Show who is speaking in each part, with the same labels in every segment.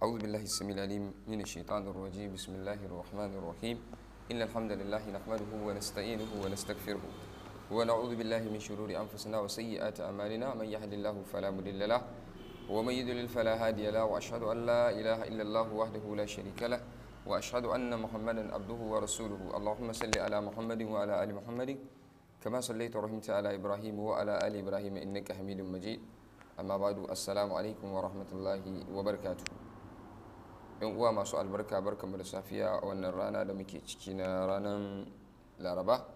Speaker 1: أعوذ بالله السميع العليم من الشيطان الرجيم بسم الله الرحمن الرحيم إن الحمد لله نحمده ونستعينه ونستغفره ونعوذ بالله من شرور أنفسنا وسيئات أعمالنا من يهد الله فلا مضل له ومن يضلل فلا هادي له وأشهد أن لا إله إلا الله وحده لا شريك له وأشهد أن محمدا عبده ورسوله اللهم صل على محمد وعلى آل محمد كما صليت ورحمت على إبراهيم وعلى آل إبراهيم إنك حميد مجيد أما بعد السلام عليكم ورحمة الله وبركاته yan uwa masu albarka barkanmu da safiya a wannan rana da muke ciki na ranar laraba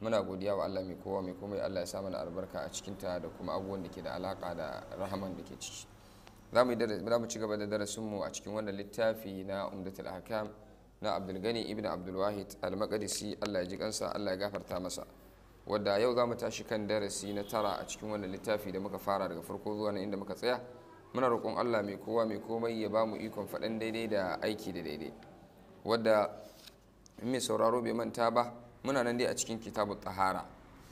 Speaker 1: muna godiya wa allah mai kowa mai komai allah ya sa mana albarka a cikinta da kuma abubuwan da ke da alaka da rahaman da ke ciki za mu ci gaba da darasinmu a cikin wannan littafi na umdatul hakam na abdulgani ibn abdulwahid al-maqdisi allah ya ji kansa allah ya gafarta masa wadda yau za mu tashi kan darasi na tara a cikin wannan littafi da muka fara daga farko zuwa na inda muka tsaya muna roƙon Allah mai kowa mai komai ya ba mu ikon faɗan daidai da aiki da daidai wadda mai sauraro bai manta ba muna nan dai a cikin kitabu tahara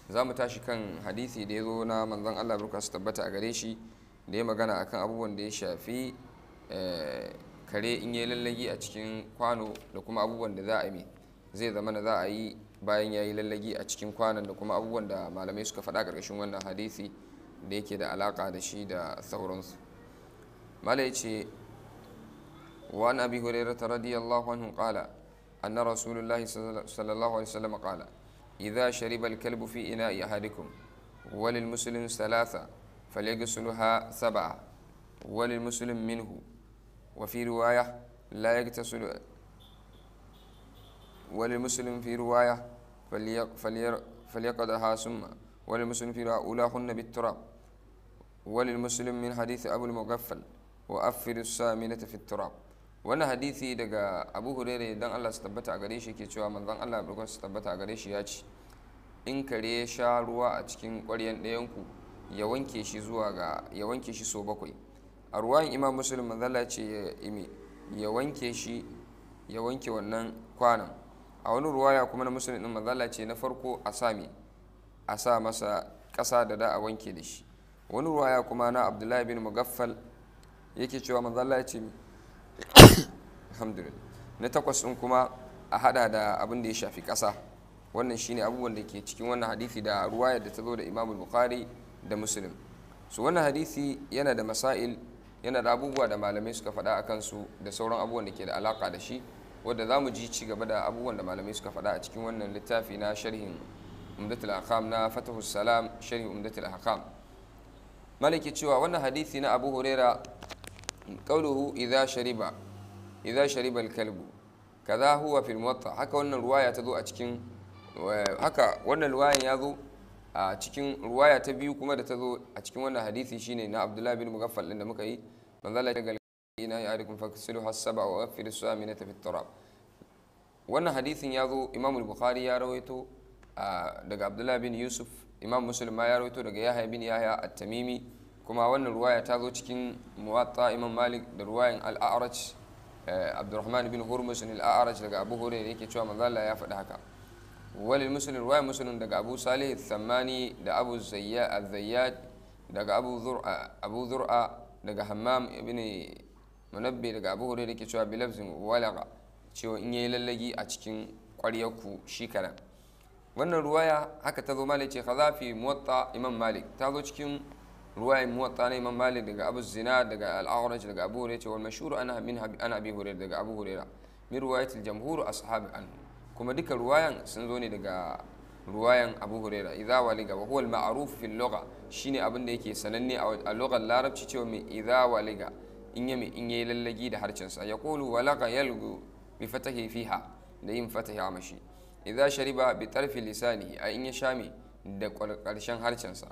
Speaker 1: za mu tashi kan hadisi da ya zo na manzon Allah burka su tabbata a gare shi da ya magana akan abubuwan da ya shafi eh, kare in ya lallagi a cikin kwano da kuma abubuwan da za a yi zai zama na za a yi bayan ya yi lallagi a cikin kwanan da kuma abubuwan da malamai suka faɗa ƙarƙashin wannan hadisi da yake da alaka da shi da sauransu ماليتي وعن أبي هريرة رضي الله عنه قال أن رسول الله صلى الله عليه وسلم قال إذا شرب الكلب في إناء أحدكم وللمسلم ثلاثة فليغسلها سبعة وللمسلم منه وفي رواية لا يغتسل وللمسلم في رواية فليقضها ثم وللمسلم في رواية أولاهن بالتراب وللمسلم من حديث أبو المغفل wa afiru saminata fi turab wani hadisi daga abu hurere dan allah su tabbata a gare shi ke cewa manzon allah ya su tabbata a gare shi ya ce in kare ya sha ruwa a cikin ƙwaryan ɗayanku ya wanke shi zuwa ga ya wanke shi so bakwai a ruwan imam muslim allah ce ya ime ya wanke shi ya wanke wannan kwanan a wani ruwaya kuma na muslim din allah ce na farko a sami a sa masa ƙasa da da a wanke da shi wani ruwaya kuma na abdullahi bin mugaffal yake cewa manzo Allah ya ce alhamdulillah na takwas din kuma a hada da abin da ya shafi kasa wannan shine abubuwan da ke cikin wannan hadisi da ruwayar da ta zo da Imam Bukhari da Muslim so wannan hadisi yana da masail yana da abubuwa da malamai suka faɗa a kansu da sauran abubuwan da ke da alaka da shi wadda za mu ji ci gaba da abubuwan da malamai suka faɗa a cikin wannan littafi na sharhin umdatul aqam na fatahu salam sharhin umdatul aqam malaki cewa wannan hadisi na abu huraira qawluhu idza shariba shariba al-kalbu kaza huwa fil muwatta haka wannan ruwaya ta zo a cikin wannan ruwayan ya zo a cikin ruwaya ta biyu kuma da ta zo a cikin wannan hadisi shine na Abdullah bin Mughaffal din da muka yi manzo Allah ya ga ina ya alaikum fakasilu hasaba wa ghaffir suaminata fit turab wannan hadisin ya zo Imam al ya rawaito daga Abdullah bin Yusuf Imam ya rawaito daga tamimi kuma wannan ruwaya ta zo cikin muwatta imam malik da ruwayan al'araj eh, abdurrahman bin hurmus al'araj daga abu hore da yake cewa manzala ya faɗi haka walil musulun ruwayan musulun daga abu salih thammani da abu zayyad daga abu zur'a daga hammam ibn munabbi daga abu hore da yake cewa bilabsin walaga cewa in yayi lallagi a cikin ƙwaryarku shi kanan wannan ruwaya haka ta zo malik ce kaza fi muwatta imam malik ta zo cikin ruwaye muwatta na imam malik daga abu zina daga al'auraj daga abu hurairah wal mashhur ana ana abi hurairah daga abu hurairah min ruwayatil jamhur ashabi an kuma duka ruwayan sun zo ne daga ruwayan abu huraira idza waliga wa huwa al-ma'ruf shine abin da yake sananne a lugar larabci cewa mai idza waliga in yami in yayi lallagi da harcin sa yaqulu walaga yalgu bi fatahi fiha da yin fatahi a mashi shariba bi tarfi in ya shami da karshen harcin sa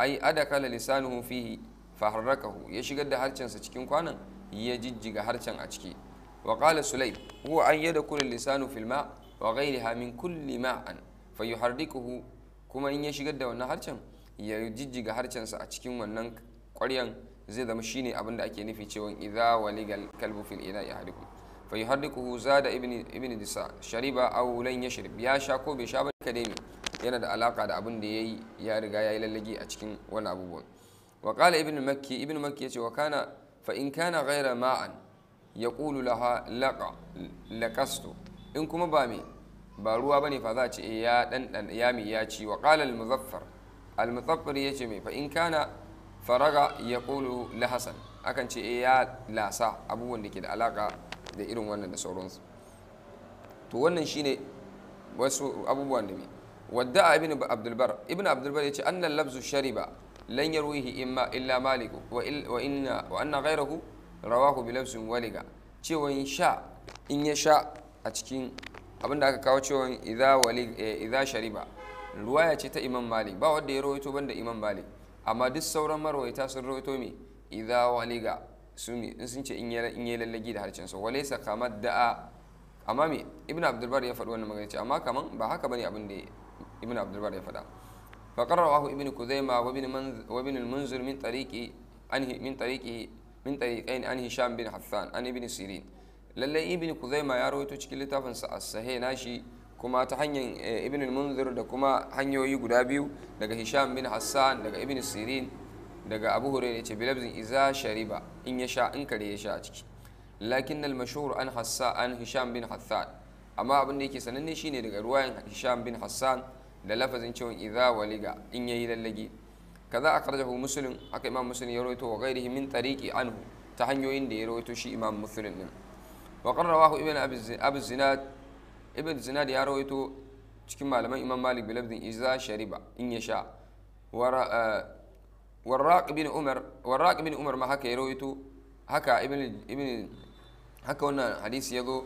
Speaker 1: ai adakala lisanuhu fihi faharrakahu ya shigar da sa cikin kwanan ya jijjiga harcen a ciki wa qala sulaim huwa an yadkhulu lisanu fil ma wa ghayriha min kulli ma'an fayuharrikuhu kuma in ya shigar da wannan harcen ya jijjiga sa a cikin wannan ƙwaryan zai zama shine abin da ake nufi cewa idza waligal kalbu fil ina yahdikum fa yuharrikuhu zada ibn ibn disa shariba aw lan yashrib ya sha ko bai sha ba kadai yana da alaka da abin da yayi ya riga yayi lallage a cikin wani abubuwan wa qala ibn makki ibn makki yace wa kana fa in kana ghaira ma'an yaqulu laha laqa laqastu in kuma ba me ba ruwa bane fa za a ce ya dan ya mi ya ci wa qala al muzaffar al muzaffar yace me fa in kana faraga yaqulu lahasan akan ce ya lasa abubuwan da ke da alaka da irin wannan da sauransu to wannan shine wasu abubuwan da mai ودعا abdulbar عبد البر ابن عبد البر يقول أن اللبز شرب لن يرويه إما wa مالك na وأن غيره رواه بلبز ولغا cewa in sha in ya sha a cikin abin da aka kawo cewa idza wali eh, idza shariba ruwaya ce ta Imam Malik ba wanda ya rawaito banda Imam Malik amma duk sauran marwayata sun rawaito me idza waliga sumi sun ce in yi lallagi da harshen sa kama da da'a amma me ibn abdulbar ya faɗi wannan magana ce amma kaman ba haka bane abin da ibn abdulbar ya faɗa fa wahu ibn kuzaima wa ibn wa ibn al-munzir min tariqi min tariqi min tariqain an hisham bin hassan an ibn sirin lalle ibn kuzaima ya rawaito cikin littafin sa as-sahih nashi kuma ta hanyar eh, ibn Munzur munzir da kuma hanyoyi guda biyu daga hisham bin hassan daga ibn sirin daga abu hurairah ce bilabzin iza shariba in ya sha in kare ya sha a ciki lakin al mashhur an hassa an hisham bin hassan amma abin da yake sananne shine daga ruwayan hisham bin hassan da lafazin cewa idza waliga in yayi lallage kaza akhrajahu muslim haka imam muslim ya rawaito wa ghairihi min tariqi anhu ta hanyoyin da ya rawaito shi imam muslim din wa qarrawahu ibn abi zinad ibn zinad ya rawaito cikin malaman imam malik bilabdin iza shariba in ya sha warraq bin umar ma haka ya rawaito haka wannan hadisi yazo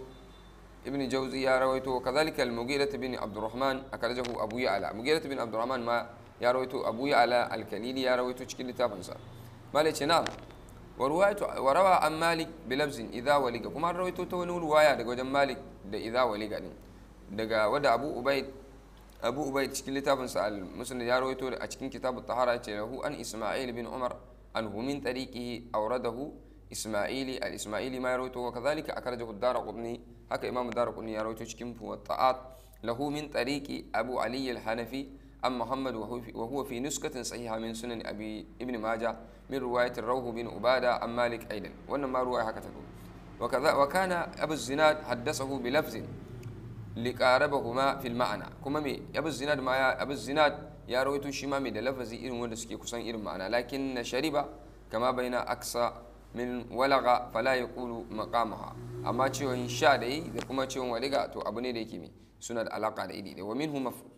Speaker 1: ibn jawzi ya rawaito kazalika al-mughira bin abdurrahman akarjahu abu ya'la mughira bin abdurrahman ma ya rawaito abu ya'la al-kalili ya rawaito cikin littafinsa malice na'am an malik bilabzin idha waliga kuma an rawaito ta wani ruwaya daga wajen malik da idha waliga daga abu ubaid abu ubai cikin littafin sa al ya rawaito a cikin kitabu tahara ce lahu an isma'il bin umar an humin tariqihi awradahu isma'ili al-isma'ili ma ya rawaito wa kadhalika akhrajahu ad-darqutni haka imamu darqutni ya rawaito cikin muwatta'at lahu min tariqi abu ali al-hanafi عن محمد وهو في نسخة صحيحة من سنن أبي ابن ماجة من رواية الروح بن عبادة عن مالك أيضا وأنما رواية هكذا وكذا وكان أبو الزناد حدثه بلفظ liqarabahuma fil ma'ana kuma me abu zinad ma ya abu zinad ya rawaito shi ma mai da lafazi irin wanda suke kusan irin ma'ana lakin na shariba kama baina aksa min walaga fala yaqulu maqamaha amma cewa sha da yi da kuma cewa waliga to abu ne da yake me suna da alaka da idi da wa minhu mafhum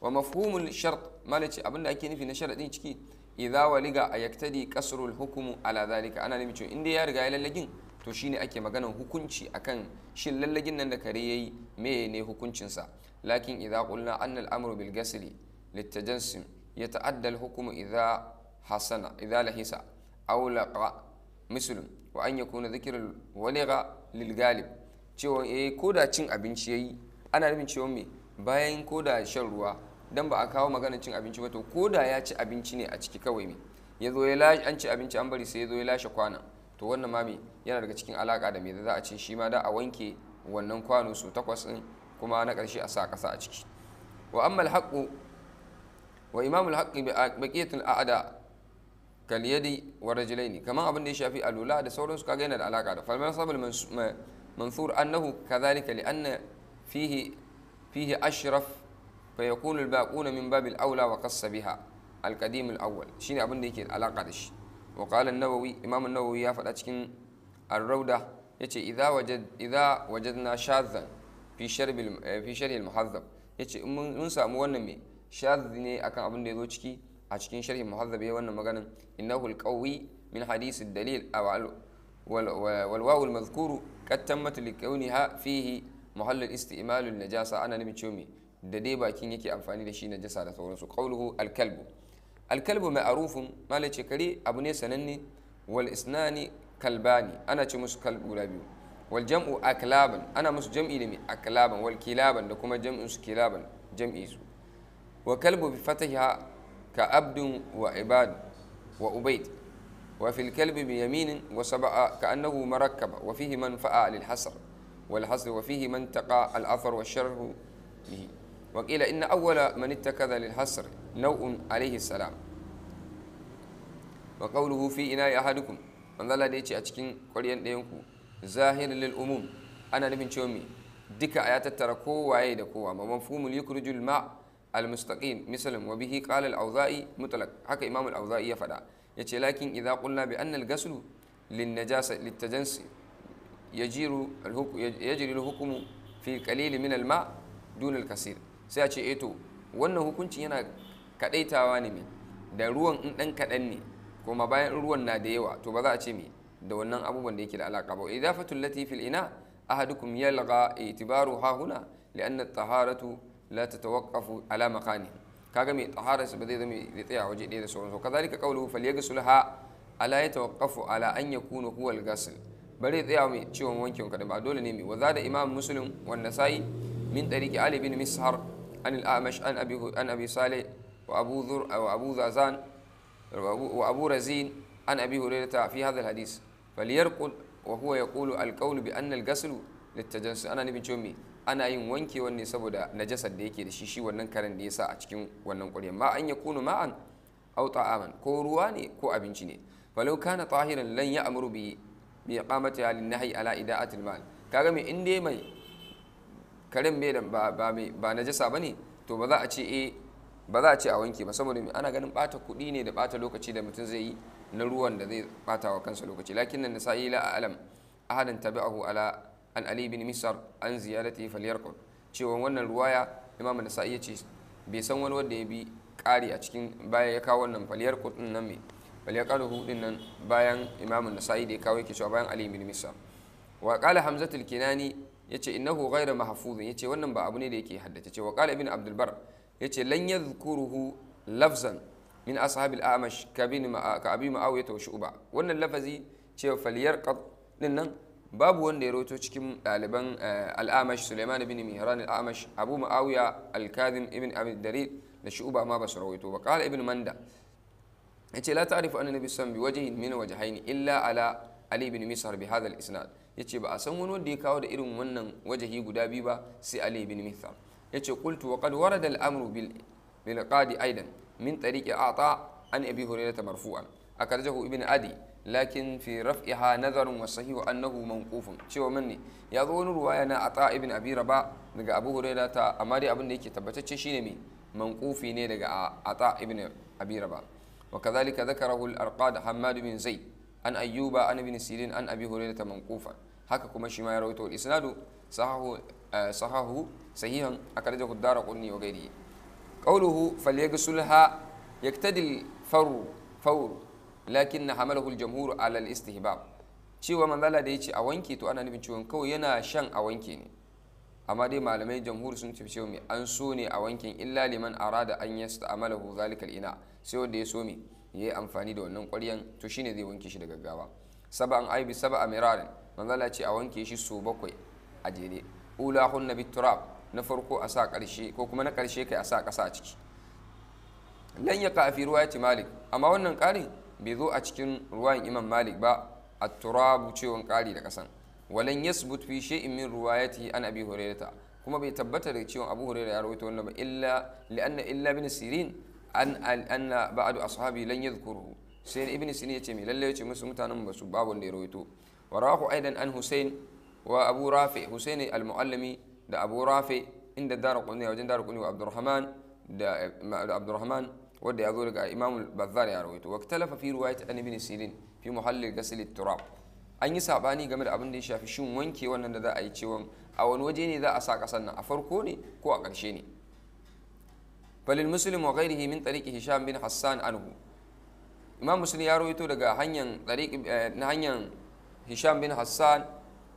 Speaker 1: wa mafhumul shart malaci da ake nufi na sharadin ciki idza waliga ayaktadi kasrul hukumu ala zalika ana nemi cewa inda ya riga ya lallagin to shine ake maganan hukunci akan shin lallagin nan da kare yayi me ne hukuncinsa lakin idza qulna anna al-amru bil ghasli litajansim yata'adda al-hukmu idza hasana idza lahisa aw laqa muslim wa an yakuna dhikr al-waligha lil ghalib cewa eh koda cin abinci yayi ana nufin cewa me bayan koda shan ruwa dan ba a kawo maganar cin abinci ba to koda ya ci abinci ne a ciki kawai me ya zo ya lashe an ci abinci an bari sai ya ya lashe kwanan to wannan mami yana daga cikin alaka da me za a ce shi ma da a wanke wannan kwano su takwas din kuma na ƙarshe a sa ƙasa a ciki wa amma alhaqu wa imamu alhaqi a'da kal yadi wa rajulaini kaman abin da ya shafi alula da sauransu kaga yana da alaka da falman sabal منثور أنه كذلك لأن فيه فيه أشرف فيكون الباقون من باب الأولى وقص بها القديم الأول شين أبن ديكي العلاقة دي wa qala an-nawawi ya faɗa cikin ar-rauda yace idza wajad idza wajadna shadhan fi sharb eh, fi sharh al yace in mun samu wannan mai shadh ne akan abin da zo ciki a cikin sharh al-muhazzab yayi wannan maganan innahu al-qawi min hadith ad-dalil aw والواو المذكور قد تمت لكونها فيه محل الاستعمال النجاسة أنا نمي تشومي da dai bakin yake amfani da shi Najasa da sauransu qawluhu alkalbu الكلب معروف ما ليش كري أبني سنني والإسناني كلباني أنا تمس كلب غلابي والجمع أكلابا أنا مس جمع لمي أكلابا والكلابا لكم جمع كلابا جمع إيزو وكلب بفتحها كأبد وعباد وأبيد وفي الكلب بيمين وسبع كأنه مركب وفيه منفعة للحسر والحسر وفيه من تقى الأثر والشر به وقيل إن أول من اتخذ للحصر نوء عليه السلام وقوله في إناء أحدكم من ذا لديك أتكين قريان ديونكو ظاهر للأموم أنا نبن شومي ديك آيات التركو وعيد قوة ومفهوم يخرج الماء المستقيم مثلا وبه قال الأوضائي مطلق حكى إمام الأوضائي يفدا يتي لكن إذا قلنا بأن الغسل للنجاسة للتجنس يجري الحكم في قليل من الماء دون الكثير sai a ce eto eh wannan hukuncin yana kadaitawa ne da ruwan in dan kadan ne kuma bayan ruwan na da yawa to ba za a ce me da wannan abubuwan da yake da alaka ba idafatul lati fil ina ahadukum yalqa itibaru ha huna li'an at-taharatu la tatawaqqafu ala makani kaga me tahara ba zai zama ya tsaya waje ɗaya da sauransu kazalika qawluhu ha ala yatawaqqafu ala an yakuna huwa al-ghasl bare tsaya mai ciwon wankin kadai ba dole ne me waza da imam muslim wanda sai من طريق علي بن مسهر عن الأعمش عن أبي عن أبي صالح وأبو ذر وأبو ذازان وأبو رزين عن أبي هريرة في هذا الحديث فليرقل وهو يقول القول بأن الغسل للتجسس أنا نبي جومي ana yin wankewan ne saboda najasar da yake da shi shi wannan karen ya sa a cikin wannan ƙwarya ma an ya kunu ma'an aw ta'aman ko ruwa ne ko abinci ne falau kana tahiran lan ya'muru bi bi iqamati halin nahyi ala ida'atil mal in dai mai karen mai ba najasa ba ne to ba za a ce eh, ba za a ce a wanke ba saboda ana ganin bata kuɗi ne da bata lokaci da mutum zai yi na ruwan da zai bata wa kansa lokaci lakin nan nasa'i la alam ahadan tabi'ahu ala an ali bin misar an ziyarati falyarqud cewa wannan ruwaya imam nasa'i ya ce bai san wani wanda ya bi kare a cikin baya ya kawo wannan din nan me falyarqud din nan bayan imam nasa'i da ya kawo yake cewa bayan ali bin misar wa qala hamzatul kinani yace innahu ghayra mahfuzun yace wannan ba abu ne da yake haddace cewa qala ibn abdul bar yace lan yadhkuruhu lafzan min ashabil amash ka bin ka abi ma'awiyah wa shu'ba wannan lafazi cewa falyarqad din nan babu wanda ya roto cikin ɗaliban eh, al'amash suleiman ibn mihran al'amash abu ma'awiya al-kadhim ibn abi darir da shu'ba ma ba su rawaito ba qala ibn manda yace la ta'rifu anna nabiy sallallahu alaihi wasallam bi wajhin min wajhayn illa ala ali ibn misar bi hadha al-isnad ya ce ba a san wani wanda ya kawo da irin wannan wajahi guda biyu ba sai ali bin mithal ya ce kultu wa qad warada al bil qadi aidan min tariqi ata an abi hurairah marfu'an akarjahu ibn adi lakin fi raf'iha nazarun wa sahihu annahu manqufun cewa man ne ya zo wani ruwaya na ata ibn abi raba daga abu hurairah ta amma dai abin da yake tabbatacce shine me manqufi ne daga ata ibn abi raba وكذلك ذكره الأرقاد حماد بن زيد an ayyuba an ibn sirin an abi hurairah manqufan haka kuma shi ma ya rawaito isnadu sahahu eh, sahahu sahihan akhrajahu ad-darqutni wa ghayrihi qawluhu falyaghsulha yaktadi al-fawr lakin hamalahu al ala al-istihbab cewa manzala da ya ce a wanke to ana nufin ciwon kawai yana shan a wanke ne amma dai malamai jamhur sun tafi cewa an so ne a wankin illa liman arada an yasta'malahu zalikal ina sai wanda ya so me ya yi amfani da wannan ƙwaryan to shine zai wanke shi da gaggawa saba'an ai bi saba'a mirarin manzala ce a wanke shi so bakwai a jere ula hun bi turab na farko a sa ƙarshe ko kuma na ƙarshe kai a sa ƙasa a ciki lan ya kafi ruwayati malik amma wannan ƙarin bai zo a cikin ruwayan imam malik ba a turabu cewon ƙari da ƙasan walan yasbut fi shay'in min ruwayati an abi hurairata kuma bai tabbata da cewa abu hurairah ya rawaita wannan ba illa li'anna illa bin sirin أن أن بعض أصحابي لن يذكره سين ابن سنية تيمي لن يتم سمتان بسباب ليرويتو وراه أيضا أن حسين وأبو رافع حسين المعلمي ده أبو رافع عند الدار القنية وعند دار القنية وعبد الرحمن ده عبد الرحمن ودي أقول لك إمام البذار يرويتو واختلف في رواية أن ابن سيلين في محل غسل التراب أني ساباني قمر أبن دي شافي شو منكي وأن ذا أي شيء أو أن ذا أساك أصنع أفركوني كو falil muslim wa ghairihi min tariqi hisham bin hassan anhu imam muslim ya rawaito daga hanyar na hisham bin hassan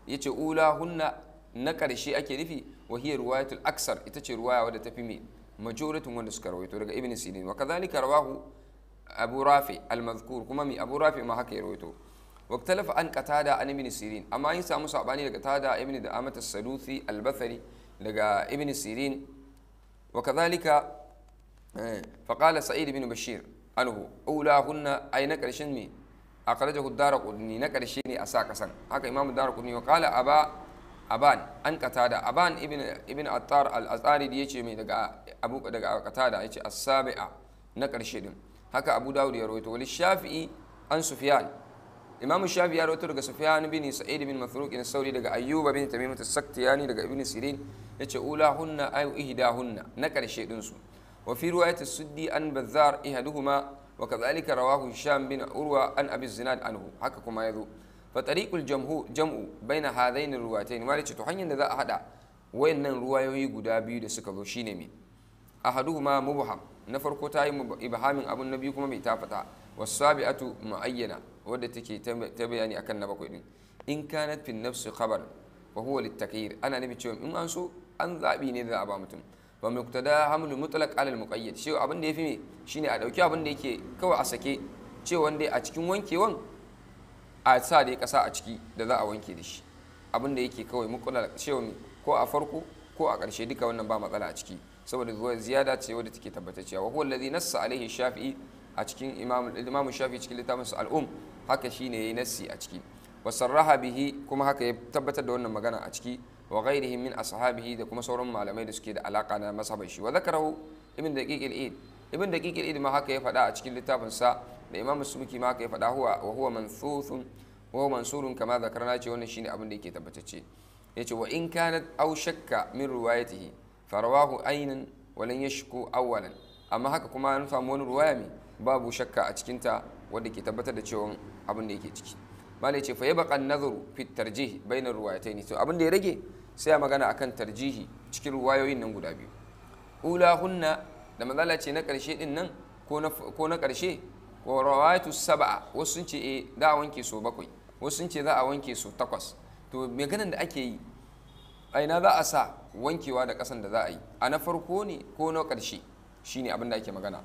Speaker 1: yace ula hunna na karshe ake nufi wa hiya aksar ita ce ruwa wadda ta fi mai majoratin wanda suka rawaito daga ibn sirin wa kadhalika rawahu abu mai abu rafi haka ya rawaito واختلف عن قتادة عن ابن سيرين أما إن سامو سعباني لقتادة ابن دعامة السدوثي البثري لقى ابن سيرين وكذلك Eh, faƙala sa'id bin bashir anhu hunna ai na ƙarshen me akhrajahu ad-darqutni na ƙarshe ne a sa kasan haka imamu darqutni wa qala aba aban an qatada aban ibn attar al-azari yace mai daga abu daga qatada yace as na ƙarshe din haka abu dawud ya rawaito shafi'i an sufyan imam shafi ya rawaito daga sufyan bin sa'id bin mafruq na sauri daga ayyuba bin tamim as daga ibn sirin yace ula hunna ayu ihdahunna na karshe din su وفي رواية السدي أن بذار إحدهما وكذلك رواه هشام بن عروة عن أبي الزناد عنه حقكم يذو فطريق الجمهور جمع بين هذين الروايتين ما لتشتو حين ذا أحدا وإن الرواية يقدا بيو دسكذو شينمي أحدهما مبهم نفر كتاي إبهام أبو النبي كما بيتافتا والسابعة معينة ودتكي تبياني أكن نبقوا إن كانت في النفس خبر وهو للتكيير أنا نبي تشوم إن أنسو أن ذابي نذا أبا متم fa muktada hamlu mutlaq mu muqayyad shi abin da yafi me shine a dauki abin da yake kawai a sake cewa dai a cikin wankewan a sa dai kasa a ciki da za a wanke da shi abin da yake kawai muqallal cewa ko a farko ko a ƙarshe duka wannan ba matsala a ciki saboda zuwa ziyada ce wadda take cewa wa huwa alladhi nassa alaihi shafi'i a cikin shafi shafi'i cikin littafinsa al'um haka shine yayi nassi a ciki wa sarraha bihi kuma haka ya tabbatar da wannan magana a ciki wa ghairihi min ashabihi da kuma sauran malamai da suke da alaka na masabar shi wa zakarahu ibn daqiq al-id ibn daqiq al-id ma haka ya faɗa a cikin littafin sa da imam subki ma haka ya faɗa huwa wa huwa mansusun wa huwa mansurun kama zakarna ce wannan shine abin da yake Ya yace wa in kanat aw shakka min riwayatihi farawahu aynan walan yashku awwalan amma haka kuma an samu wani ruwaya mai babu shakka a cikinta wadda ke tabbatar da cewa abin da yake ciki malai ce fa yabqa tarjihi nadhru fi tarjih bainar ruwayatayn to abin da ya rage sai a magana akan tarjihi cikin ruwayoyin nan guda biyu ula hunna da matsala ce na karshe din nan ko na karshe wa rawayatu saba'a wasu sun ce eh, za a wanke so bakwai wasu sun ce za a wanke so takwas to maganan da ake yi aina za a sa wankewa da ƙasan da za a yi a na farko ne ko na karshe shine abin da ake magana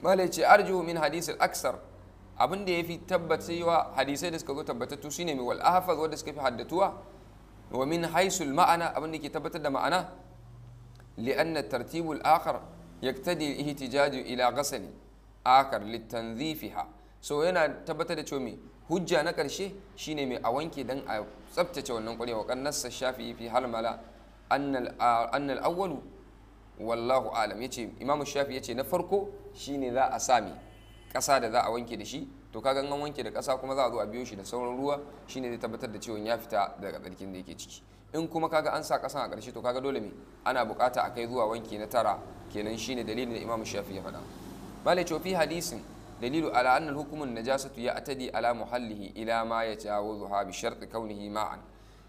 Speaker 1: malai ce arjuhu min hadisi aksar abin da ya fi tabbacewa hadisai da suka zo tabbatattu shine mai wal ahfaz wanda suka fi haddatuwa wa min haisul ma'ana abin da ke tabbatar da ma'ana li'anna tartibul akhar yaktadi ihtijaju ila ghasali akhar litanzifiha so yana tabbatar da cewa me hujja na karshe shine mai a wanke dan a tsaftace wannan kwarewa kan nassa shafi fi halmala annal awwalu wallahu alam yace imamu shafi yace na farko shine za a sami kasa da za a wanke da shi to ka gangan wanke da kasa kuma za a zo a biyo shi da sauran ruwa shine zai tabbatar da cewa ya fita daga tsarkin da yake ciki in kuma kaga an sa ƙasan a ƙarshe to kaga dole me ana buƙata a kai zuwa wanki na tara kenan shine dalilin da Imam Shafi ya faɗa malai fi hadisin dalilu ala anna hukumun najasatu ya atadi ala muhallihi ila ma ya ha bi sharti kaunihi ma'an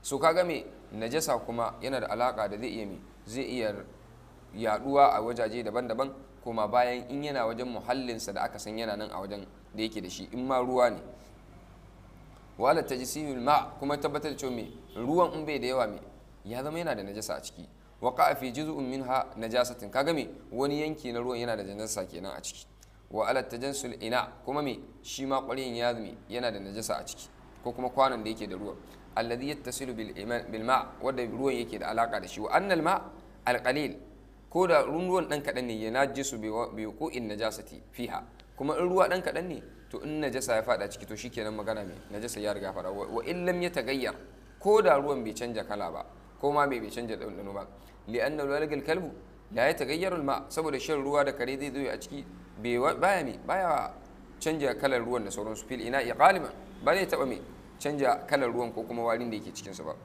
Speaker 1: so kaga me najasa kuma yana da alaka da zai iya me zai iya yaduwa a wajaje daban-daban koma bayan in yana wajen muhallinsa da aka san yana nan a wajen da yake da shi in ma ruwa ne wala tajsimul ma kuma tabbatar da cewa ruwan in bai da yawa me ya zama yana da najasa a ciki wa qa'a fi min ha najasatin kaga me wani yanki na ruwan yana da najasa kenan a ciki wa alatta jan ina kuma me shi ma kwarin ya zame yana da najasa a ciki ko kuma kwanon da yake da ruwan alladhi yattasilu bil ma wanda ruwan yake da alaka da shi wa annal ma alqalil ko da ruwan dan kadan ne ya najisu bi ko in najasati fiha kuma in ruwa dan kadan ne to in najasa ya fada ciki to shikenan magana mai najasa ya riga fara. wa in lam yataghayyar ko da ruwan bai canja kala ba ko ma bai canja dandano ba li'anna walgal kalbu la yataghayyaru al-ma saboda shan ruwa da kare zai zo a ciki baya mai baya canja kalar ruwan da sauransu fil ina iqalima ba zai taba mai canja kalar ruwan ko kuma warin da yake cikinsa ba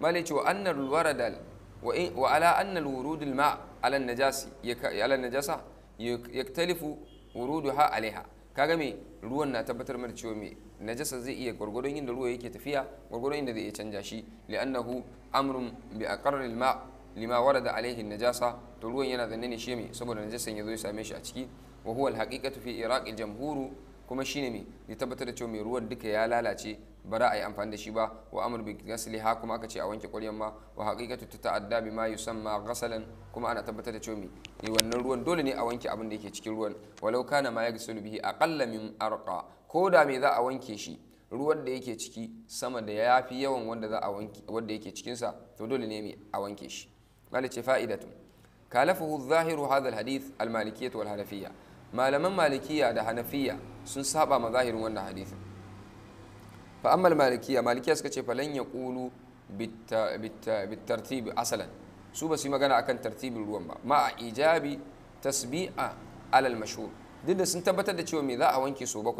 Speaker 1: malai wa annar waradal وعلى أن الورود الماء على النجاس على النجاسة يختلف ورودها عليها kaga me ruwan na tabbatar mana cewa me najasa zai iya gwargwadon inda ruwa yake tafiya gwargwadon inda zai iya canja shi li'annahu amrun bi aqarril ma lima warada alaihi najasa to ruwan yana zanne ne shi me saboda najasan ya zo ya same shi a ciki wa huwa al-haqiqatu fi iraq al-jamhur kuma shine me ya tabbatar da cewa me ruwan duka ya lalace ba za a yi amfani da shi ba wa amur bi gasliha kuma aka ce a wanke ƙwaryan ma wa ta ta'adda bi ma yusamma ghasalan kuma ana tabbatar da cewa me eh, wannan ruwan dole ne a wanke abin da yake cikin ruwan walau kana ma yaghsilu bihi aqalla min arqa ko da me za a wanke shi ruwan da yake ciki sama da ya fi yawan wanda za a wanke wanda yake cikin sa to dole ne me a wanke shi malice fa'idatu kalafahu zahiru hadha alhadith almalikiyatu walhanafiyya malaman malikiya da hanafiya sun saba ma zahirin wannan hadisin فأما المالكية مالكية سكتش فلن يقولوا بالترتيب أصلا سو بس ما كان أكن ترتيب الوما مع إيجابي تسبيئة على المشهور دين دس انت بتد تشو مي ذا أو إنكي سو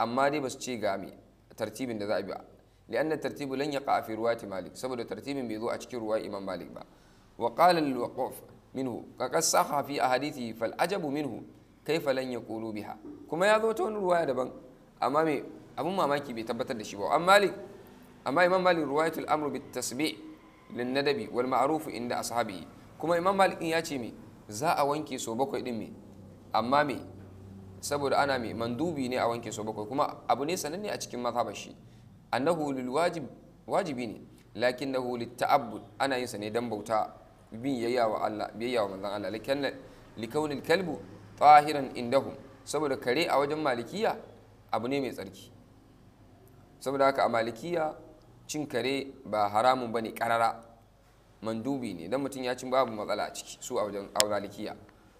Speaker 1: أما دي بس تشي غامي ترتيب إن ذا لأن الترتيب لن يقع في رواية مالك سبب الترتيب بيذو أشكي رواية إمام مالك با. وقال الوقوف منه كقد في أحاديثه فالعجب منه كيف لن يقولوا بها كما يذو تون رواية دبن أمامي abun mamaki bai tabbatar da shi ba amma malik amma imam malik ruwayatul amru bit tasbi' lin nadabi wal ma'ruf inda ashabi kuma imam malik ya ce me za a wanke so bakwai din me amma me saboda ana me mandubi ne a wanke so bakwai kuma abu ne sananne a cikin mazhabar shi annahu lil wajib wajibi ne lakinnahu lit ta'abbud ana yin sa ne dan bauta biyayya wa Allah biyayya wa manzon Allah likaunil kalbu tahiran indahum saboda kare a wajen malikiya abu ne mai tsarki saboda haka a malikiya cin kare ba haramun ba ne karara mandubi ne don mutum ya cin babu matsala a ciki su a da malikiya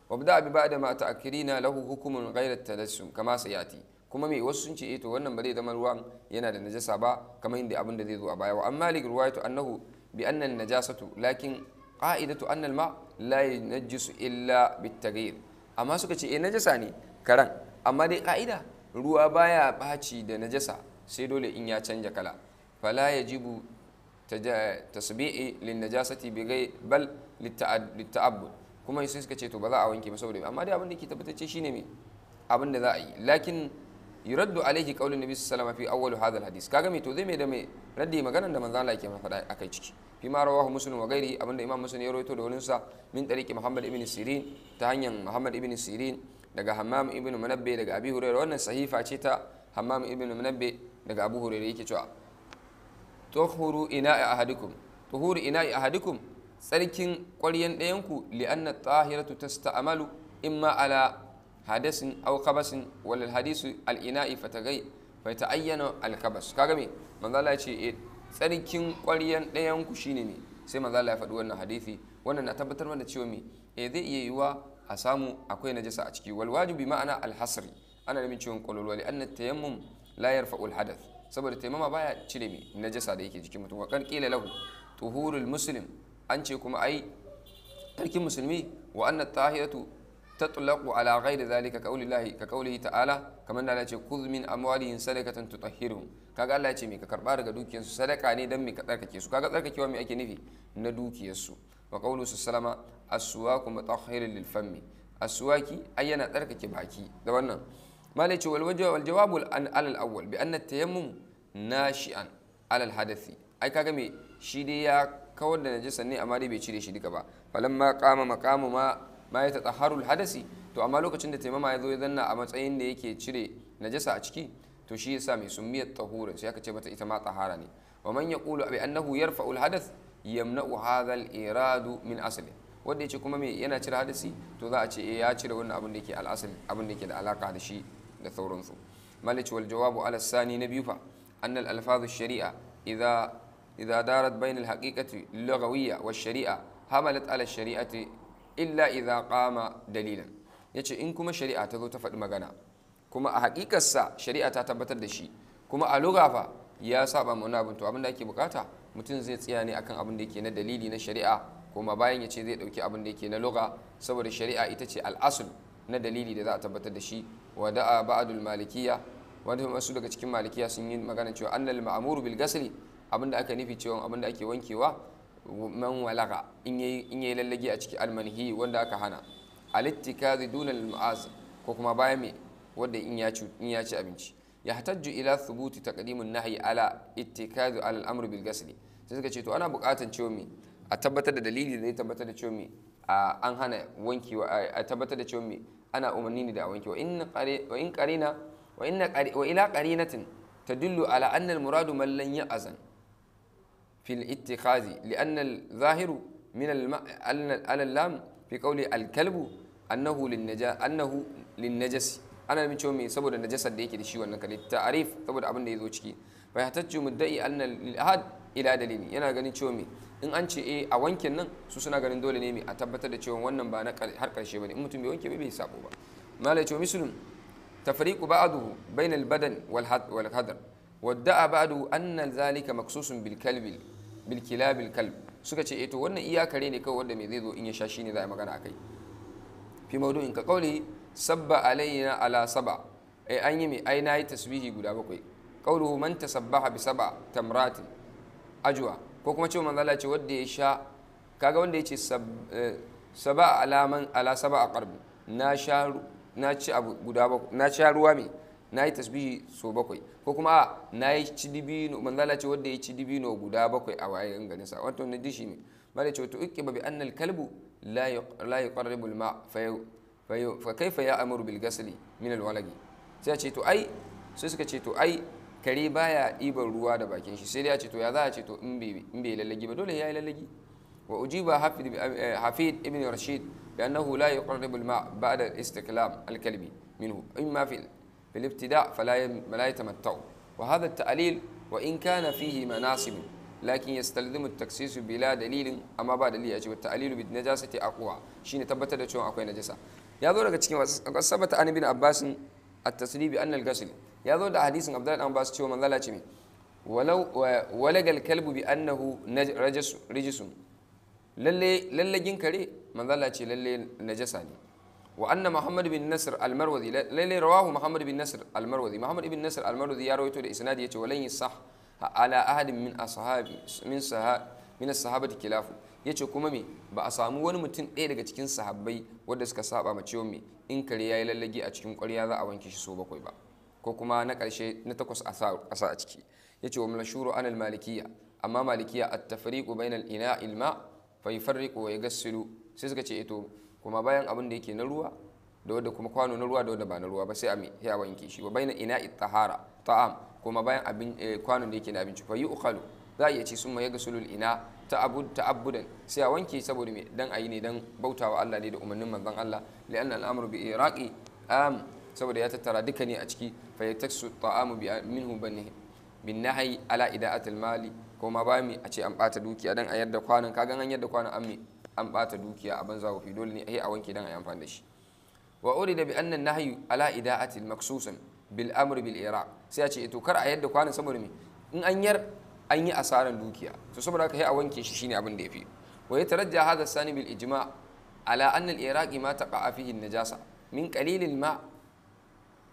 Speaker 1: a bi ba'da ma ta'khirina lahu hukumun ghayra talassum kama sayati kuma me wasu sun ce eh, to wannan ba zai zama ruwan yana da najasa ba kamar inda abin da zai zo a baya wa amma malik ruwayatu annahu bi anna najasatu lakin qa'idatu anna ma la yanjisu illa bitaghyir amma suka ce eh najasa ne karan amma dai ka'ida ruwa baya baci da najasa sai dole in ya canja kala fala yajibu tasbi'i lin najasati bi gai bal litta'abbud kuma sai suka ce to ba za a wanke ba saboda amma dai abin da ke tabbatacce shine me abin da za a yi lakin yuraddu alaihi qaulun nabi sallallahu alaihi wasallam fi awwal hadha alhadith kaga me to zai mai da me raddi maganar da manzo Allah yake faɗa akai ciki fi ma rawahu muslim wa ghairi abinda imam muslim ya rawaito da wurin sa min tariqi muhammad ibn sirin ta hanyar muhammad ibn sirin daga hammam ibn munabbi daga abi hurairah wannan sahifa ce ta hammam ibn munabbi daga abu hurairu yake cewa tuhuru ina ahadikum tuhuru ina ahadikum tsarkin ƙwaryen ɗayanku li'anna tahiratu tasta'malu imma ala hadasin aw qabasin wal hadisu al ina'i fatagai fata'ayyana al qabas kaga me manzo Allah ya ce eh, tsarkin ƙwaryen ɗayanku shine ne sai manzo Allah ya faɗi wannan hadisi wannan na tabbatar mana cewa me eh, zai iya yiwa a samu akwai najasa a ciki wal wajibi ma'ana al hasri ana nufin ciwon ƙwaƙwalwa li'anna tayammum la yarfa'ul hadath saboda taimama baya cire mai najasa da yake jikin mutum wa kan lahu tuhurul muslim an ce kuma ai tarkin musulmi wa anna tahiratu tatlaqu ala ghairi zalika ka ka qaulihi ta'ala kamar da Allah ya ce khudh min amwalihim sadaqatan tutahhiruhum kaga Allah ya ce me ka karba daga dukiyar su sadaka ne dan me ka tsarkake su kaga tsarkakewa me ake nufi na dukiyar su wa qaulu sallama aswaku mutahhirun lil fammi aswaki ai yana tsarkake baki da wannan malai ce walwaje wal jawabul an alal awwal bi anna tayammum nashi'an alal hadasi ai kaga me shi dai ya kawar da najasa ne amma dai bai cire shi duka ba falamma qama maqamu ma ma ya tataharul hadasi to amma lokacin da taimama ya zo ya zanna a matsayin da yake cire najasa a ciki to shi yasa mai summiyat tahura sai aka ce mata ita ma tahara ne wa man kula bi annahu yarfa'u al hadath yamna'u hadha al iradu min asli wanda yace kuma me yana cire hadasi to za a ce ya cire wannan abin da yake da alaka da shi da sauransu malic wal jawabu ala sani na biyu fa annal alfazu shari'a idza idza darat bayna al haqiqati lughawiyya wa shari'a hamalat ala shari'ati illa idza qama dalilan yace in kuma shari'a ta zo ta faɗi magana kuma a haƙiƙarsa shari'a ta tabbatar da shi kuma a lugafa ya saba mu na abin to abin da ake bukata mutum zai tsaya ne akan abin da yake na dalili na shari'a kuma bayan ya ce zai ɗauki abin da yake na luga saboda shari'a ita ce al'asul na dalili da za a tabbatar da shi wada'a ba'dul malikiya wanda wasu daga cikin malikiya sun yi magana cewa annal ma'muru bil gasli abinda aka nufi cewa abinda ake wankewa man walaga in yayi lallage a cikin almanhi wanda aka hana alittikazi duna al-mu'az ko kuma bayan me wanda in ya ci abinci yahtajju ila ta taqdimun nahyi ala ittikazi ala al-amr suka ce to ana buƙatan cewa a tabbatar da da zai tabbatar da cewa a tabbatar da cewa أنا أمنيني دعوينك وإن قري وإن wa وإن قري وإلى قرينة تدل على أن المراد من لن يأذن في الاتخاذ لأن الظاهر من الم... على اللام في قول الكلب أنه للنجا أنه للنجس أنا من شو مي سبب النجاسة ديك دي شو أنك للتعريف سبب أبن دي زوجكي فيحتج مدعي أن الإلحاد ila dalili yana ganin cewa me in an ce eh a wankin nan su suna ganin dole ne me a tabbatar da cewa wannan ba na har karshe bane in mutum bai wanke bai sabo ba mala ya ce mislun tafriqu ba'dahu bainal badan wal wal hadar wadda'a ba'dahu anna zalika maksusun suka ce eh to wannan iyakare ne kawai wanda me zai zo in ya sha ne za a magana akai fi in ka qawli sabba alaina ala saba ai eh, an yi me ai nayi tasbihi guda bakwai qawluhu man tasabbaha bi saba tamratin ajuwa ko kuma cewa manzala ce wanda ya sha kaga wanda ce eh, saba alaman ala saba a qarbi na sha na ci abu guda bakwai na ci ruwa me na yi tasbihi so bakwai ko kuma na yi ci dibino manzo Allah ce wanda ya ci dibino guda bakwai a wayan ganin sa wato ne dishi ne mala ce wato ukiba bi annal kalbu la la yuqarribul ma fa fa ya amuru bilgasali min alwalagi walagi sai ce to ai sai suka ce to ai kare baya ibar ruwa da bakin shi sai dai ya ce to ya za a ce to in bai lallagi ba dole ya yi lallagi wa ujiba hafid hafid ibn rashid bi annahu la yuqarribu al-ma' ba'da istiklam al-kalbi minhu imma fi ta'lil wa in kana fihi manasib lakin كان al taksis bila dalil amma ba دليل ya ce wa ta'lil bi najasati aqwa shine تبت da cewa akwai najasa ya zo daga cikin wasu sabata an ibn abbasin at-tasrib ya zo da hadisin abdullahi dan basu cewa manzala ce me walagal kalbu bi annahu rajisun lalle lallagin kare manzala ce lalle najasa ne wa anna muhammad bin nasr al-marwazi lalle rawahu muhammad bin nasr al-marwazi muhammad bin nasr al-marwazi ya rawaito da isnadi yace walan ala ahadin min ashabi min ya ce kuma me ba a samu wani mutum ɗaya daga cikin sahabbai wadda suka saba ma ciwon me in kare ya yi lallage a cikin ƙwarya za a wanke shi so bakwai ba ko kuma na ƙarshe na takwas a sa a ciki ya ce wa mulashuru an almalikiya amma malikiya a bai bainal ina ilma fa yi farriƙu wa ya gassilu sai suka ce ito eh kuma bayan abin da yake na ruwa da wadda kuma kwano na ruwa da wadda ba na ruwa ba sai a me a wanke shi wa bainal ina tahara ta'am kuma bayan abin eh, kwanon da yake na abinci fa yi ukhalu za a iya ce sun ma ya gasulul ina ta'abbudan sai a wanke saboda me dan ayi ne dan bautawa Allah ne da umarnin manzon Allah li'anna al'amru bi iraqi am saboda ya tattara duka ne a ciki fa yataksu ta'amu minhu bin nahyi ala ida'atil mali ko ma bami a ce an bata dukiya dan a yadda kwanan ka gan an yadda kwanan amme an bata dukiya a banza wa dole ne ai a wanke dan ayi amfani da shi wa urida bi anna nahyu ala ida'atil maksusan bil amr bil iraq sai a ce eh, to kar a yadda kwanan saboda me in an yar an yi asaran dukiya to saboda haka sai a wanke shi shine abin da yafi wa yatarajja hadha sani bil ijma ala anna al iraqi ma taqa fihi an najasa min qalilil ma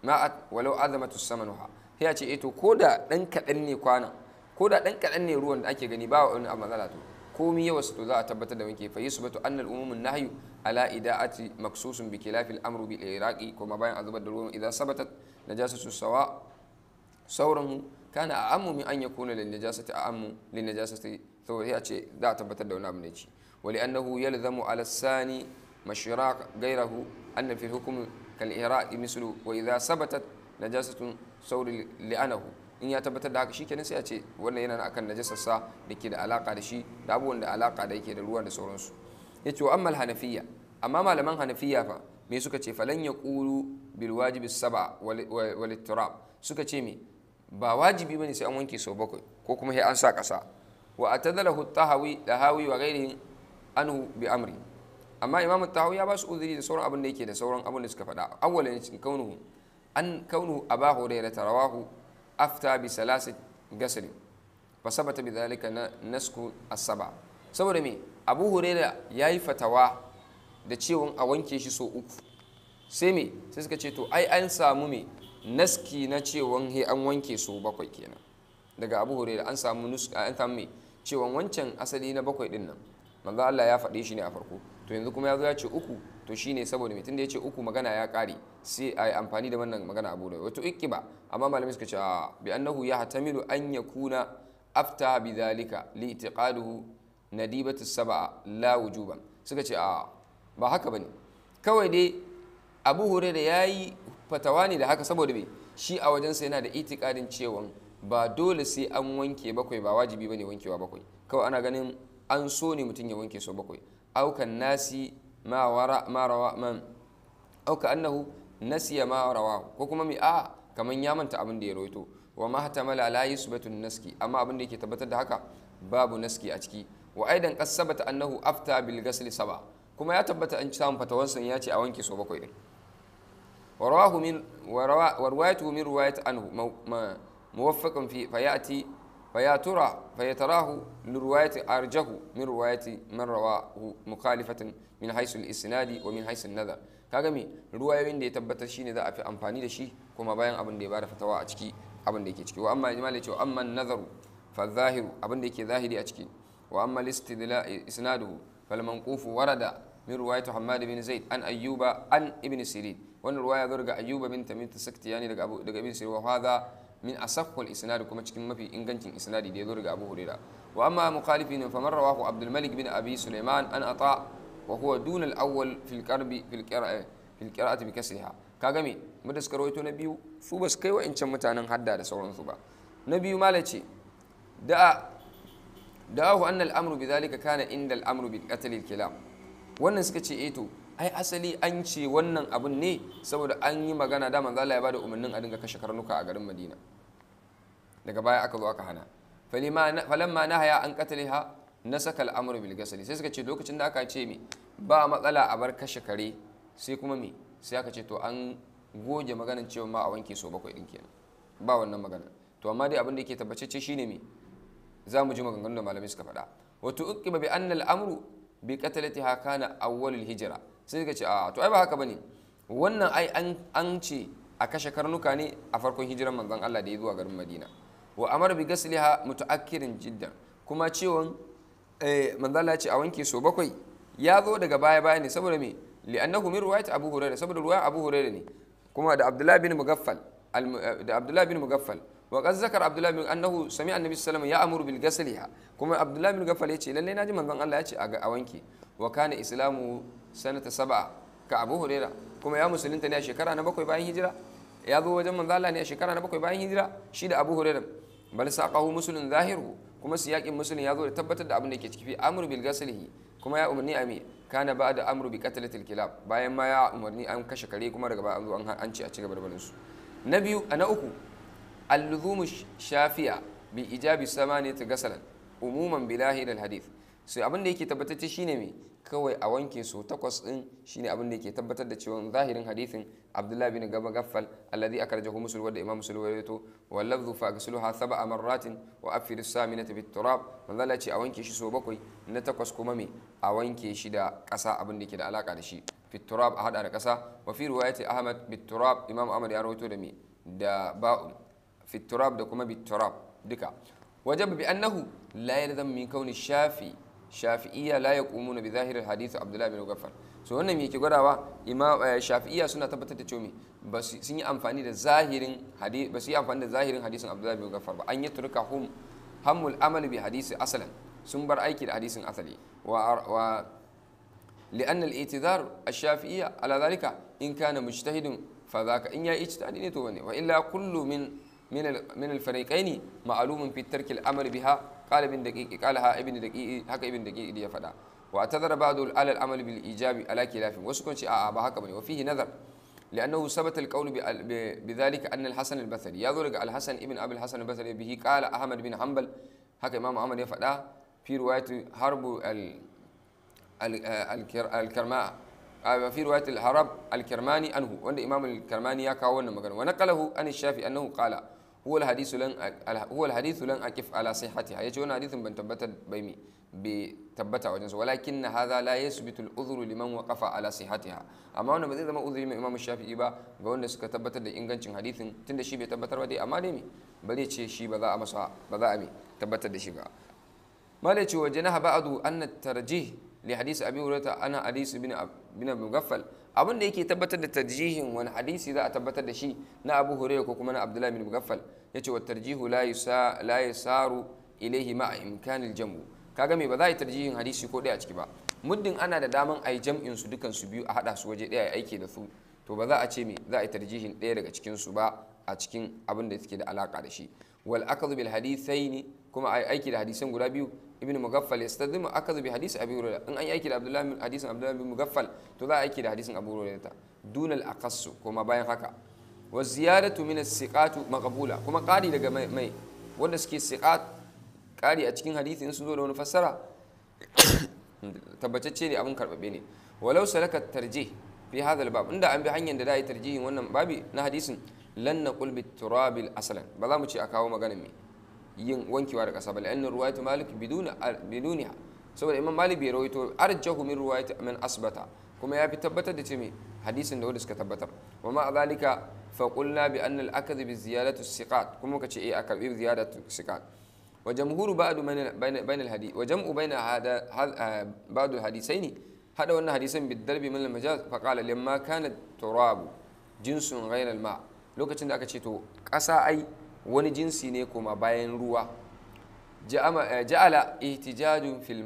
Speaker 1: ma'at walau azamatu samanuha sai a ce eh to koda dan kadan ne kwana koda dan kadan ne ruwan da ake gani ba wani a matsala to komi yawa su to za a tabbatar da wanke fa yusbatu anna al umumun nahyu ala ida'ati maksusun bi khilafil amru bil iraqi kuma bayan azabar da ruwan idan sabatat najasatu sawa sauran kana a ammu min an yakuna lin najasati a ammu lin najasati ya ce za a tabbatar da wani abu ne ci wali annahu yalzamu ala sani mashraq gairahu anna fil hukm kal iraqi mislu wa idha sabatat najasatun sauri li'anahu in ya tabbatar da haka shikenan sai a ce wannan yana akan najasarsa da ke da alaka da shi da abubuwan da alaka da yake da ruwa da sauransu yace wa ammal hanafiya amma malaman hanafiya fa me suka ce falan kulu bil wajibi sab'a wal suka ce me ba wajibi bane sai an wanke sau bakwai ko kuma sai an sa ƙasa wa atadalahu tahawi da hawi wa gairin anhu bi amri amma imam tahawi ya ba su uzuri da sauran abin da yake da sauran abin da suka faɗa awwalan kaunuhu an kaunuhu aba hurairah tarawahu afta bi salasi gasli fa sabata bi na nasku asaba saboda me abu ya yi fatawa da cewa a wanke shi so uku sai me sai suka ce to ai an samu me naski na cewan he an wanke su bakwai kenan daga abu hore an samu an samu cewan wancan asali na bakwai din nan manzo Allah ya faɗe shi ne a farko to yanzu kuma ya ya ce uku to shine saboda mutum da ya ce uku magana ya kare sai a amfani da wannan magana abu da wato iki ba amma malamai suka ce bi annahu ya hatamilu an yakuna afta bi zalika li itiqaduhu nadibatu sab'a la wujuban suka ce a ba haka bane kawai dai abu hore da ya fatawa ne da haka saboda me shi a wajensa yana da itikadin cewa ba dole sai an wanke bakwai ba wajibi bane wankewa bakwai kawai ana ganin an so ne mutum ya wanke so bakwai aukan nasi ma wara ma rawa auka annahu nasiya ma rawa ko kuma mi a kaman ya manta abin da ya roito wa ma hatamala la yusbatu naski amma abin da yake tabbatar da haka babu naski a ciki wa aidan qasabata annahu afta bil ghasli saba kuma ya tabbata an samun fatawansa ya ce a wanke so bakwai ورواه من وروايته من رواية عنه موفق في فيأتي فيا ترى فيتراه لرواية أرجه من رواية من رواه مخالفة من حيث الإسناد ومن حيث النذر kagami ruwayoyin da ya tabbatar shine za a fi amfani da shi kuma bayan abin da ya bada fatawa a ciki abin da yake ciki wa amma ijmal yace wa amma nazaru fa zahiru abin da yake zahiri a ciki wa amma listidla isnaduhu fal manqufu warada min bin Zaid an Ayyuba an Ibn Sirin wannan ruwa ya zo daga ayyuba bin tamim tasaktiyani daga abu daga ibn sirwa hadha min asahhul isnad kuma cikin mafi ingancin isnadi da ya zo daga abu huraira wa amma mukhalifin fa man rawahu abdul malik bin abi sulaiman an ata wa huwa dun al awwal fil qarbi fil qira'a eh, fil qira'ati bi kasriha kaga me muda suka na biyu su basu kai wa'ancan mutanen hadda da sauransu ba na biyu malace da da'ahu anna al amru bi dhalika kana inda al amru bil qatl al kilam wannan suka ce eh to ai asali an ce wannan abun ne saboda an yi magana da manzo Allah ya bada umarnin a dinga kashe karnuka a garin Madina daga baya aka zo aka hana falamma nahaya an ha nasaka saka amru bil ghasli sai suka ce lokacin da aka ce me ba matsala a bar kashe kare sai kuma me sai aka ce to an goge maganan cewa ma a wanke so bakwai din kenan ba wannan magana to amma dai abin da yake tabbatacce shine me za mu ji maganganun da malamai suka faɗa wato uqiba bi annal amru bi qatlatiha kana awwalul hijra sai ka ce a to ai ba haka bane wannan ai an ce a kashe karnuka ne a farkon hijiran manzon Allah da ya zuwa garin Madina wa amar bi gasliha mutaakkirin jiddan kuma cewan eh, manzon Allah ya ce a wanke so bakwai ya zo daga baya baya ne saboda me li'annahu min riwayat Abu Hurairah saboda ruwa Abu Hurairah ne kuma da Abdullahi bin Mugaffal eh, da Abdullah bin Mugaffal wa qad zakara abdullahi bin annahu sami annabi sallallahu alaihi wasallam ya'muru bil kuma abdullahi bin gafal yace lalle naji manzon Allah yace a wanke wa kana islamu sanata sab'a ka abu huraira kuma ya musulunta ne a shekara na bakwai bayan hijira ya zo wajen manzon Allah ne a shekara na bakwai bayan hijira shi da abu bal saqahu muslim zahiru kuma siyakin muslim ya zo da tabbatar da abin da ke ciki amru bil ghaslihi kuma ya umarni ami kana ba da amru bi qatlatil kilab bayan ma ya umarni an kashe kare kuma daga baya an an ci a cigaba na biyu na uku اللزوم الشافية بإجاب الثمانية غسلا عموما بلاهر الحديث sai abin da yake tabbatacce shine mai kawai a wanke su takwas din shine abin da yake tabbatar da cewa zahirin hadithin abdullahi bin Gaba Gaffal alladhi akhrajahu Muslim da Imam Muslim wa to wa lafzu fa ghusluha sab'a marratin wa afir as-saminata bit turab manzo Allah ce a wanke shi so bakwai na takwas kuma mai a wanke shi da ƙasa abin da yake da alaka da shi bit turab a hada da ƙasa wa fi riwayati Ahmad bit turab Imam Ahmad ya rawaito da mai da ba'un fi da kuma bi duka wajab bi annahu la yalzam min kauni shafi shafi'iyya la bi zahir hadith abdullah bin so wannan yake gwadawa imam eh, shafi'iyya suna tabbatar da cewa ba sun yi amfani da zahirin hadith ba su yi amfani da zahirin hadisin abdullah bin ghaffar ba an yi turka hum hamul amal bi hadisi asalan sun bar aiki da hadisin asali wa لأن الاعتذار الشافعية in ذلك إن كان مجتهد فذاك إن يجتهد نتوبني وإلا كل kullumin. من من الفريقين معلوم في ترك الامر بها قال ابن دقيق قالها ابن دقيق هكا ابن دقيق دي فدا واعتذر بعض على الامر بالايجاب على خلاف وسكن شيء آه بهكا بني وفيه نذر لانه ثبت القول بذلك ان الحسن البصري يا الحسن ابن ابي الحسن البصري به قال احمد بن حنبل هكا امام احمد يفدا في روايه حرب ال آه، الكرماء آه، في روايه الهرب الكرماني أنه وان امام الكرماني يا كاو ونقله أن الشافعي انه قال huwa alhadithu lan huwa alhadithu lan aqif ala sihhatiha yace wannan hadithin ban tabbatar bai mi bai tabbata wajen su walakin na hadha la yasbitu al-udhru liman waqafa ala sihhatiha amma wannan ba zai zama udhri mai Imam Shafi'i ba ga wanda suka tabbatar da ingancin hadithin tunda shi bai tabbatar ba dai amma dai mi ba zai ce shi ba za a masa ba za a mi tabbatar da shi ba malai ce wa janaha ba'du anna tarjih li hadith abi hurairah ana hadith bin bin mugaffal abin da yake tabbatar da tarjihin wani hadisi za a tabbatar da shi na abu huraira ko kuma na abdullahi bin mugaffal ya ce wa tarjihu la yasaru ilaihi ma a imkanin jam'u kaga me ba za a yi tarjihin hadisi ko ɗaya a ciki ba muddin ana da daman a yi jam'in su dukan su biyu a haɗa su waje ɗaya a aiki da su to ba za a ce me za a yi tarjihin ɗaya daga cikin su ba a cikin abin da suke da alaka da shi wal akadu bil ne kuma a aiki da hadisan guda biyu ibn mugaffal yastadimu aka bi hadisi abi hurairah in an yi aiki da abdullahi bin hadisin abdullahi bin mugaffal to za a aiki da hadisin abu hurairah dunal aqassu kuma bayan haka wa ziyadatu min as-siqatu maqbula kuma qari daga mai mai wanda suke siqat qari a cikin hadisi in sun zo da wani fassara tabbatacce ne abin karbabe ne walau salaka tarjih fi hadha al-bab inda an bi hanyar da da yi tarjihin wannan babi na hadisin lan naqul bit turabil aslan ba za mu ce a kawo maganar me yin wankewa da kasa bal annar ruwayatu malik biduniha saboda imam malik bai rawaito arjahu min ruwayati man asbata kuma ya fi tabbatar da ce me hadisin da wanda suka tabbatar wa ma zalika fa qulna bi anna al akad bi ziyadatu siqat kuma kace eh akad bi ziyadatu siqat wa bain al hadith wa jam'u bain hada al hadithaini hada eh, wannan hadisan bi darbi min al majaz fa qala lamma jinsun al ma lokacin da aka ce to kasa ai wani jinsi ne kuma bayan ruwa eh, ja'ala ihtijajun fil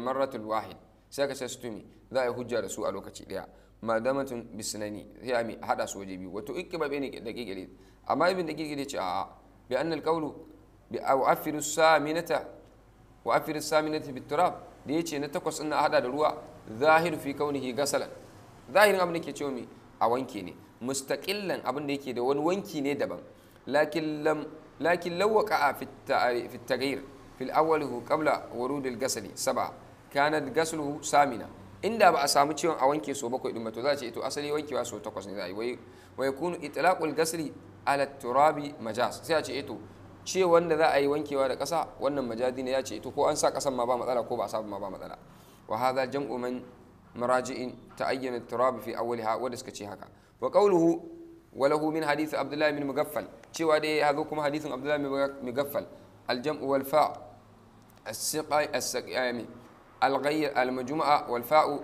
Speaker 1: marratul wahid sai ka sastumi za a yi hujja da su a lokaci daya madamatun bisnani sai a hada su waje biyu wato ikkiba ne da kikire amma ibn da kikire ce a-a. bi anna alqawlu bi aw afiru saminata wa afiru saminata bit turab da yace na takwas ina hada da ruwa zahiru fi kaunihi gasalan zahirin abin da ke cewa mi a wanke ne mustaqillan abin da yake da wani wanki ne daban لكن لم لكن لو وقع في في التغيير في الأول هو قبل ورود الغسل سبعة كانت غسله سامنة inda ba a samu ciwon a wanke so bakwai din ba to za a ce ito asali wankewa so takwas ne za a yi wa yakunu itlaqul ghasli ala turabi majas sai a ce ito ce wanda za a yi wankewa da ƙasa wannan majadi ne ya ce ito ko an sa ƙasan ma ba matsala ko ba a sa ma ba matsala wa hadha jam'u man maraji'in ta'ayyana turab fi awwaliha wanda suka ce haka wa qawluhu walahu min abdullahi bin mugaffal cewa dai ya zo kuma hadisin abdullahi bin mugaffal aljam'u wal fa' as-siqai as-saqiyami al-ghayr al-majmu'a wal fa'u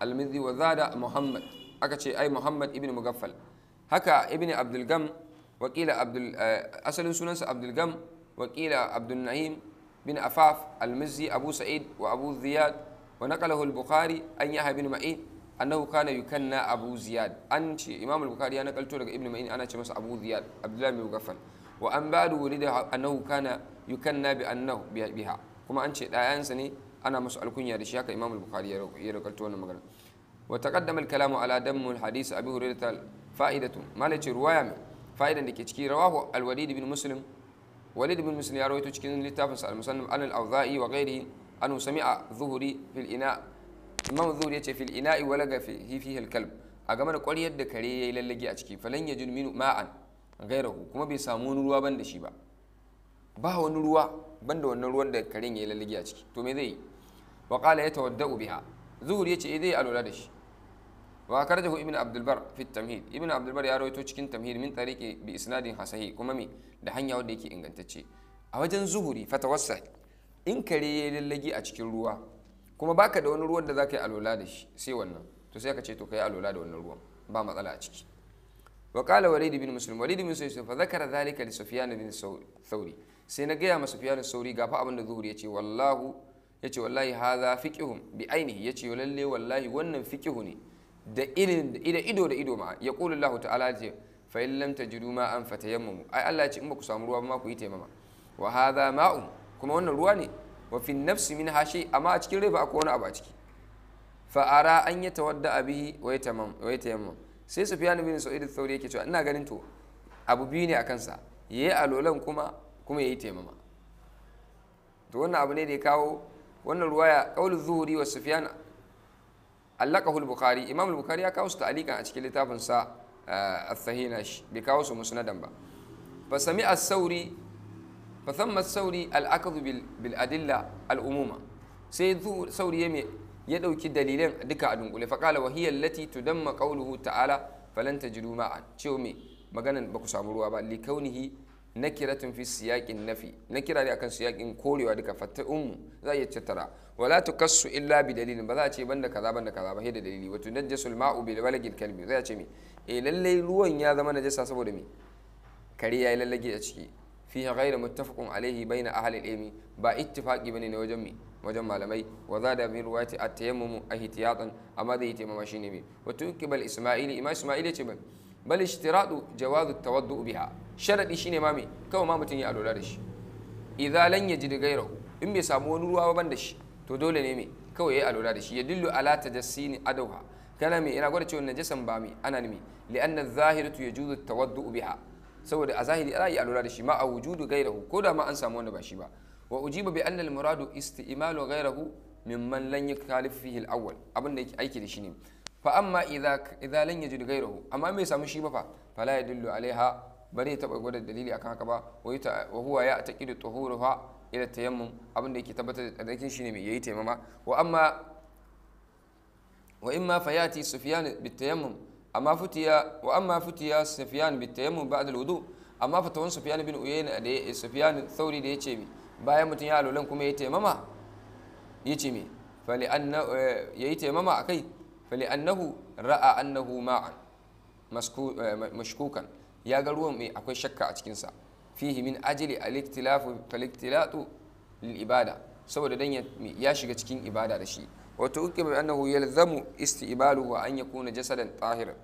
Speaker 1: al-mizzi wa zada muhammad aka ce ai muhammad ibn mugaffal haka ibn asalin sunansa abdul gam wakila abdul na'im bin afaf al abu sa'id wa abu ziyad wa naqalahu al an yahya bin أنه كان يكنى أبو زياد أنتي إمام البخاري أنا قلت لك ابن مين أنا كمس أبو زياد عبد الله بن غفن وأن بعد ولد أنه كان يكنى بأنه بها كما أنتي لا أنسني أنا مسألكم يا رشاك إمام البخاري يرو قلت لنا مقرن وتقدم الكلام على دم الحديث أبي هريرة فائدة ما لك رواية فائدة لك رواه الوليد بن مسلم وليد بن مسلم يروي تشكين لتافن سأل المسلم عن الأوضاعي وغيره أنه سمع ظهري في الإناء imam zuhri ce fil ina'i walaga fi fihi kalb a game da ƙwaryar da kare yayi lallage a ciki falan yajid minu ma'an gairahu kuma bai samu wani ruwa ban da shi ba ba wani ruwa ban da wannan ruwan da karen yayi lallage a ciki to me zai yi wa qala yatawaddau biha zuhri yace eh zai alwala da shi wa karjahu ibn abdul bar fi tamhid ibn abdul bar ya rawaito cikin tamhid min tariqi bi isnadin hasahi kuma me da hanya wanda yake ingantacce a wajen zuhuri fatawassa in kare yayi lallage a cikin ruwa kuma baka da wani ruwan da zaka ka yi alola da shi sai wannan to sai ka ce to ka yi alola da wannan ruwan ba matsala a ciki wa qala walid bin muslim walid bin muslim fa zakara dhalika li sufyan bin thawri sai na gaya ma sufyan sauri gafa abin da zuhuri yace wallahu yace wallahi hadha fiqhum bi ainihi yace lalle wallahi wannan fiqhu ne da irin da ido da ido ma ya qulu allah ta'ala ce fa in lam tajidu ma an fatayammamu ai allah ya ce in ba ku samu ruwa ba ma ku yi taimama wa hadha ma'un kuma wannan ruwa ne wa fi nafsi min hashi amma a cikin rai ba a wani abu a ciki fa'ara an yi tawadda abi wa ya tayammam sai sufyan bin sa'id al sauri yake cewa ina ganin to abu biyu ne a kansa Ya yi alolan kuma kuma yi tayammama to wannan abu ne da ya kawo wannan ruwaya qaul zuhuri wa sufyan allaka hul bukhari imam al ya kawo su ta'alikan a cikin littafin sa eh, al bai kawo su musnadan ba fa sami as-sauri fa thamma sauri al-akhdhu bil adilla al-umuma sai sauri ya mai ya dauki dalilan duka a dunkule fa qala wa hiya allati tudamma qawluhu ta'ala falan tajidu ma'an cewa me maganan ba ku samu ruwa ba li kaunihi nakiratun fi siyaqin nafi nakira ne akan siyaƙin korewa duka fatta ummu za iya ce tara wala tukassu illa bi dalilin ba za a ce banda kaza banda kaza ba da dalili wato najjasul ma'u bil walagil kalmi. za a ce me E, lallai ruwan ya zama najasa saboda me kare yi lallage a ciki fiha ghayra muttafaqun alayhi bayna ahli al-ilmi ba ittifaqi bane ne wajen mi wajen malamai wa zada bi a at-tayammum ihtiyatan amma zai taimama shine mi wa tunqibal isma'ili imam isma'ili ce ban bal ishtiradu jawazu tawaddu biha sharadi shine ma mi kawai ma mutun ya alula da shi idza lan yajid ghayrahu in bai samu wani ruwa ban da shi to dole ne me kawai yayi da shi ya dillu ala a dauha kana me ina gwada cewa najasan ba mi ana ne me li'anna adh-dhahiratu yajuzu tawaddu biha saboda a zahiri za a yi alura da shi ma a wujudu gairahu ko da ma an samu wanda ba shi ba wa ujiba bi annal muradu isti'malu gairahu mimman lan yakhalif fihi al-awwal abin da yake aiki da shi ne fa amma idza idza lan yajid gairahu amma me samu shi ba fa fala yadullu alaiha zai taba gwada dalili akan haka ba wa huwa ya taqidu tuhuruha ila tayammum abin da yake tabbatar da tsarkin shi ne mai yayi taimama wa amma wa imma fayati sufyan bitayammum amma futiya wa amma futiya sufyan bi tayammum ba'd al amma fatawan safiyan bin uyayna da eh, sufyan thauri da yace mi bayan mutun ya alolan kuma yayi tayammama yace mi fali anna eh, akai fali annahu ra'a annahu ma'an eh, mashkukan ya ga ruwan mai akwai shakka a cikinsa fihi min ajili al-iktilatu lil ibada saboda dan ya shiga cikin ibada da shi wato uke bai annahu zamu isti'balu wa an yakuna jasadan tahiran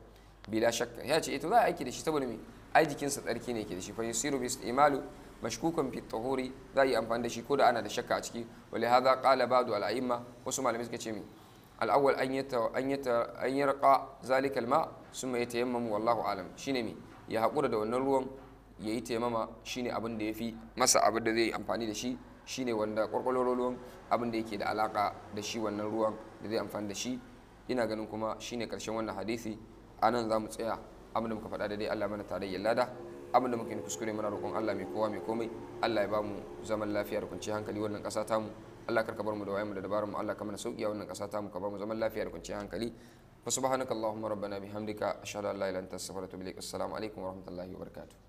Speaker 1: bila shakka ya ce ita eh, za a aiki da shi saboda mai ai jikinsa tsarki ne ke da shi fa yusiru bi isti'malu mashkukan fi tahuri za a yi amfani da shi ko da ana da shakka a ciki wale haza qala ba'du al a'imma wasu malamai suka ce mai al-awwal an yata an yata an yarqa zalika al-ma summa yatayammamu wallahu alam shine mai ya hakura da wannan ruwan ya yi taimama shine abin da ya fi masa abin da zai yi amfani da shi shine wanda kwarkwalwar ruwan abin da yake da alaka da shi wannan ruwan da zai amfani da shi ina ganin kuma shine karshen wannan hadisi A nan za mu tsaya abin da muka faɗa da dai Allah mana tarayyar lada abin da muke kuskure muna roƙon Allah mai kowa mai komai Allah ya bamu zaman lafiya da kwanciyar hankali wannan ƙasa tamu Allah karka bar mu da wayanmu da dabarun mu Allah ka mana sauki a wannan ƙasa tamu ka bamu zaman lafiya da kwanciyar hankali fa subhanakallahumma rabbana bihamdika ashhadu an la ilaha illa anta astaghfiruka wa atubu ilaik assalamu alaikum wa rahmatullahi wa barakatuh